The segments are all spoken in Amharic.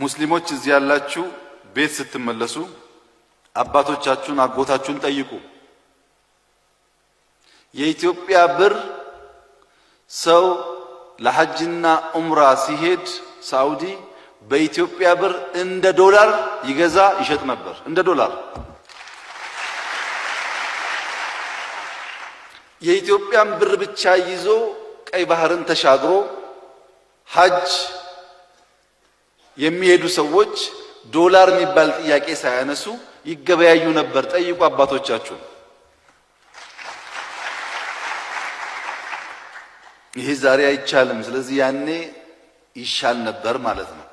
ሙስሊሞች እዚህ ያላችሁ ቤት ስትመለሱ አባቶቻችሁን አጎታችሁን ጠይቁ። የኢትዮጵያ ብር ሰው ለሐጅና ዑምራ ሲሄድ ሳውዲ በኢትዮጵያ ብር እንደ ዶላር ይገዛ ይሸጥ ነበር። እንደ ዶላር የኢትዮጵያን ብር ብቻ ይዞ ቀይ ባህርን ተሻግሮ ሐጅ የሚሄዱ ሰዎች ዶላር የሚባል ጥያቄ ሳያነሱ ይገበያዩ ነበር። ጠይቁ አባቶቻችሁን። ይህ ዛሬ አይቻልም። ስለዚህ ያኔ ይሻል ነበር ማለት ነው።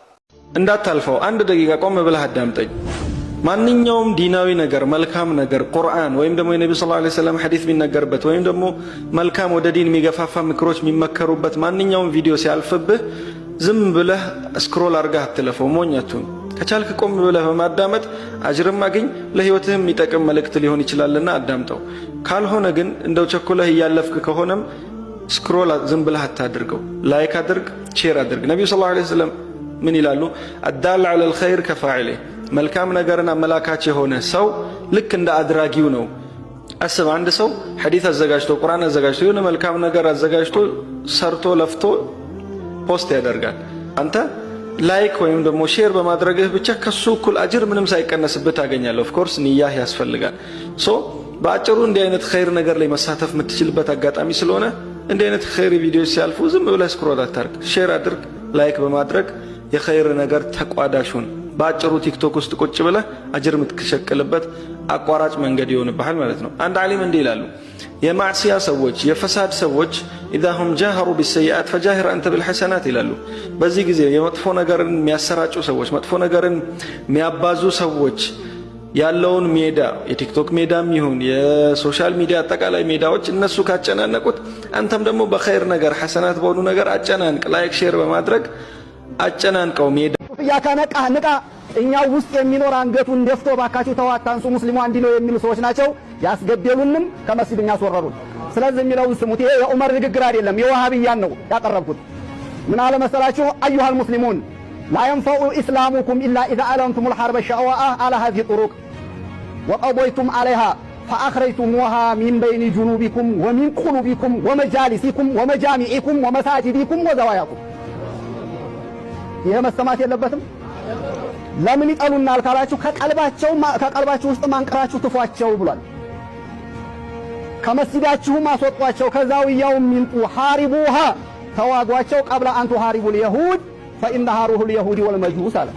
እንዳታልፈው አንድ ደቂቃ ቆም ብለህ አዳምጠኝ። ማንኛውም ዲናዊ ነገር፣ መልካም ነገር ቁርአን ወይም ደግሞ የነቢ ስ ላ ሰለም ሐዲስ የሚነገርበት ወይም ደግሞ መልካም ወደ ዲን የሚገፋፋ ምክሮች የሚመከሩበት ማንኛውም ቪዲዮ ሲያልፍብህ ዝም ብለህ ስክሮል አርጋ አትለፈው። ሞኛቱን ከቻልክ ቆም ብለህ በማዳመጥ አጅርም አግኝ፣ ለህይወትህም የሚጠቅም መልእክት ሊሆን ይችላልና አዳምጠው። ካልሆነ ግን እንደው ቸኩለህ እያለፍክ ከሆነም ስክሮል ዝም ብለህ አታድርገው። ላይክ አድርግ፣ ቼር አድርግ። ነቢዩ ሰለላሁ ዐለይሂ ወሰለም ምን ይላሉ? አዳል ዐለል ኸይር ከፋዕሌ መልካም ነገርን አመላካች የሆነ ሰው ልክ እንደ አድራጊው ነው። አስብ፣ አንድ ሰው ሐዲት አዘጋጅቶ ቁርአን አዘጋጅቶ የሆነ መልካም ነገር አዘጋጅቶ ሰርቶ ለፍቶ ፖስት ያደርጋል። አንተ ላይክ ወይም ደግሞ ሼር በማድረግህ ብቻ ከሱ እኩል አጅር ምንም ሳይቀነስብህ ታገኛለህ። ኦፍ ኮርስ ንያህ ያስፈልጋል። ሶ በአጭሩ እንዲህ አይነት ኸይር ነገር ላይ መሳተፍ የምትችልበት አጋጣሚ ስለሆነ እንዲህ አይነት ኸይር ቪዲዮዎች ሲያልፉ ዝም ብለህ ስክሮል አታርግ፣ ሼር አድርግ፣ ላይክ በማድረግ የኸይር ነገር ተቋዳሹን በአጭሩ ቲክቶክ ውስጥ ቁጭ ብለህ አጅር የምትሸቅልበት አቋራጭ መንገድ ይሆንብሃል ማለት ነው። አንድ ዓሊም እንዲህ ይላሉ፣ የማዕስያ ሰዎች የፈሳድ ሰዎች ኢዛ ሁም ጃሀሩ ቢሰይአት ፈጃሂር አንተ ብልሐሰናት ይላሉ። በዚህ ጊዜ የመጥፎ ነገርን የሚያሰራጩ ሰዎች፣ መጥፎ ነገርን የሚያባዙ ሰዎች ያለውን ሜዳ የቲክቶክ ሜዳም ይሁን የሶሻል ሚዲያ አጠቃላይ ሜዳዎች እነሱ ካጨናነቁት አንተም ደግሞ በኸይር ነገር ሐሰናት በሆኑ ነገር አጨናንቅ። ላይክ ሼር በማድረግ አጨናንቀው ሜዳ ኢያካ ነቃ ንቃ፣ እኛው ውስጥ የሚኖር አንገቱን ደፍቶ ባካችሁ ተው አታንሱ፣ ሙስሊሙ አንድ ነው የሚሉ ሰዎች ናቸው። ያስገደሉንም ከመስጊድ ያስወረሩን። ስለዚህ የሚለውን ስሙት። ይሄ የዑመር ንግግር አይደለም፣ የዋሃብያን ነው ያቀረብኩት። ምን አለ መሰላችሁ? አዩሃል ሙስሊሙን ላየንፈዑ ኢስላሙኩም ኢላ ኢዛ አለምቱም ልሐርበ ሸዋአ አላ ሃዚ ጥሩቅ ወቀቦይቱም አለይሃ ፈአኽረጅቱሙሃ ሚን በይኒ ጁኑቢኩም ወሚን ቁሉቢኩም ወመጃሊሲኩም ወመጃሚዒኩም ወመሳጅዲኩም ወዘዋያኩም ይሄ መሰማት የለበትም። ለምን ይጠሉናል ካላችሁ ከቀልባቸው ከቀልባችሁ ውስጥ ማንቀራችሁ ትፏቸው ብሏል። ከመስጂዳችሁም አስወጧቸው፣ ከዛውያውም ይምጡ። ሐሪቡሃ ተዋጓቸው፣ ቀብለ አንቱ ሐሪቡል የሁድ ፈኢንሃ ሩሁል የሁድ ወልመጁስ አለ።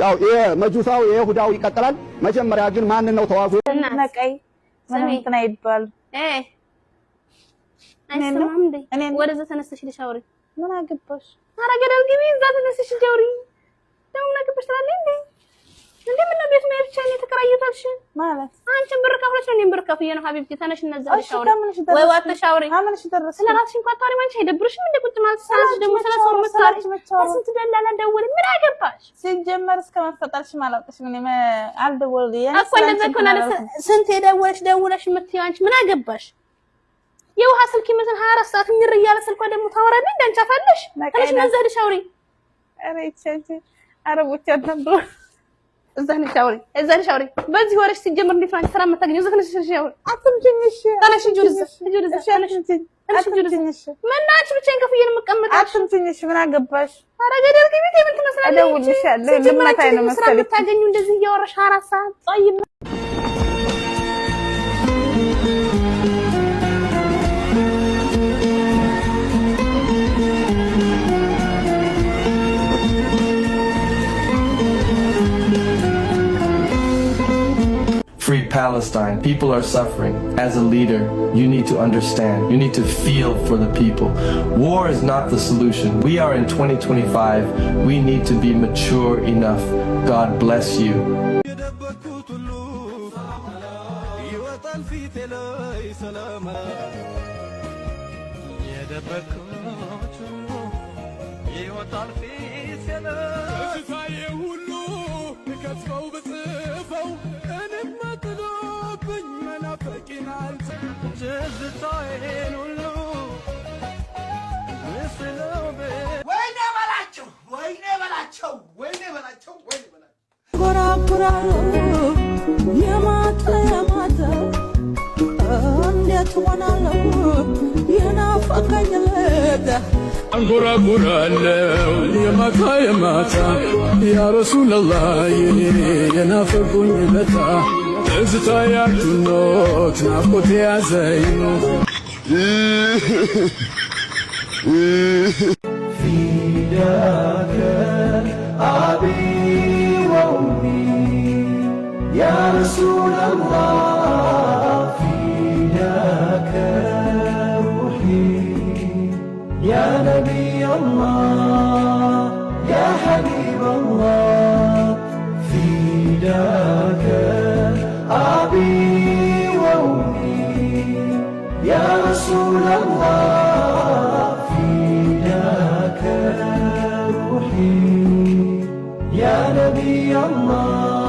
ያው የመጁሳው የይሁዳው ይቀጥላል። መጀመሪያ ግን ማን ነው ተዋጉ? ነቀይ ነው ይባል እ አይሰማም እንዴ? ወደዛ ተነስተሽ ልሻውሪ ምን አገባሽ? ኧረ ገደል ግቢ እዛ ተነስሽ ደውሪ ደግሞ ነቅብሽ ትላለች እንዴ እንዴ ምን ነው ቤት መሄድ ብቻ ነው ማለት አንቺን ብር ከፍለሽ እኔም ብር ከፍዬ ነው ሀቢብቲ ተነሽ እነዛ ወይ ዋተሽ አውሪ አመንሽ ደረስ ስለ ራስሽ እንኳን ታሪ ማንሽ አይደብርሽም እንደ ቁጭ ማለት ሳንሽ ደግሞ ስለ ሰው መስታሪ ስንት ደላላ ደውል ምን አገባሽ ሲጀመር እስከ መፈጠርሽ ማላውቅሽ ምን አልደወል እኮ እንደዛ ከሆነ ስንት የደወለሽ ደውለሽ የምትይው አንቺ ምን አገባሽ የውሃ ስልክ ይመስል 24 ሰዓት ምር እያለ ስልኳ ደግሞ ታወራለ። እንዳንቺ አፋለሽ አለሽ መዛድሽ አውሪ። አረ አረቦች አደንዶ እዛ አውሪ፣ እዛ አውሪ። በዚህ ወረሽ ሲጀምር እንዴት ነው ስራ የምታገኘው? እዛ ነሽ አውሪ። አትምጭኝሽ ታለሽ ጁርዝ ጁርዝ ብቻዬን ከፍዬ ነው የምቀመጥ። አትምጭኝሽ ምን አገባሽ? አረ ገደል ግቢ። ምን ትመስላለሽ? አደውልሽ ስራ የምታገኙ እንደዚህ እያወራሽ 24 ሰዓት ጸይም Palestine. People are suffering. As a leader, you need to understand. You need to feel for the people. War is not the solution. We are in 2025. We need to be mature enough. God bless you. ተራሮ የማጠ ማጠ እንዴት ሆናለው የናፈቀኝ ለዳ አንጎራጉራለው የማታ የማታ ያ ረሱለላህ የናፈቁኝ ለታ እዝታ ያቱኖት ናፍቆት ያዘኝ ፊዳከ አቤ يا رسول الله فداك روحي يا نبي الله يا حبيب الله فداك أبي وأمي يا رسول الله فداك روحي يا نبي الله